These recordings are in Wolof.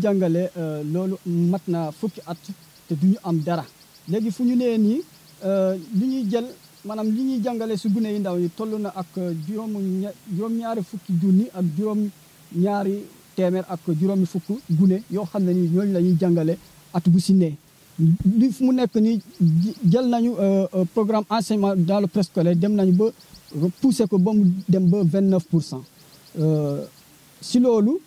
jàngale euh, loolu mat na fukki at te duñu am dara léegi fu ñu nee nii euh, li ñuy jël maanaam li ñuy jàngale si gune yi ndaw yi toll na ak juróom juróom-ñaari fukki junni ak juróom-ñaari téeméer ak juróomi fukk gune yoo xam ne ni ñooñu ñuy jàngale at bu si ne fu mu nekk nii jël nañu euh, programme enseignement dans le préscolaire dem nañu ba poussé ko ba mu dem ba vingt neuf pour cent si loolu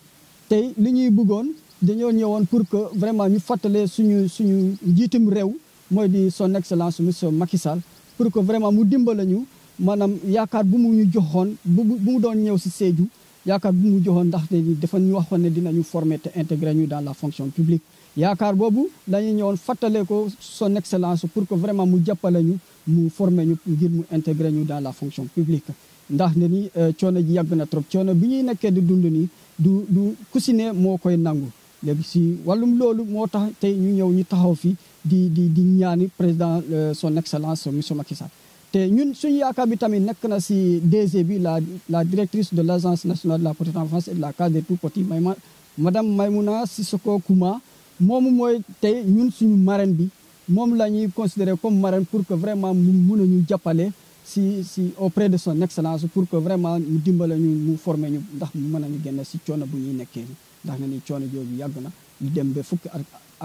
tey li ñuy bëggoon dañoo ñëwoon pour que vraiment ñu fàttalee suñu suñu njiitum réew mooy di son excellence monsieur Macky Sall pour que vraiment mu dimbale ñu maanaam yaakaar bu mu ñu joxoon bu mu doon ñëw si Sédhiou yaakaar bu mu joxoon ndaxte dafa ñu waxoon ne dinañu former te intégrer ñu dans la fonction publique yaakaar boobu dañuy ñëwoon fàttale ko son excellence pour que vraiment mu jàppale ñu mu former ñu ngir mu intégrer ñu dans la fonction publique ndax ne ni euh, coono ji yàgg na trop coono bi ñuy nekkee di dund nii du du ku moo koy nangu léegi si wàllum loolu moo tax tey ñu ñëw ñu taxaw fi di di di ñaani président euh, son excellence monsieur Macky Sall te ñun suñu yaakaar bi tamit nekk na si DG bi la la directrice de l' agence nationale de la petite enfance et de la case des tout petits Mayma madame Maymouna Sissoko Kouma moom mooy tey ñun suñu marraine bi moom la ñuy considéré comme marraine pour que vraiment mu mun a ñu jàppale si si auprès de son excellence pour que vraiment ñu dimbala ñu mu former ñu ndax mu mën a ñu génne si coono bu ñuy nekkee ndax ne ni coono jooju yàgg na ñu dem ba fukki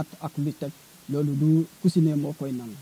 at ak lu teg loolu du ku si ne moo koy nangu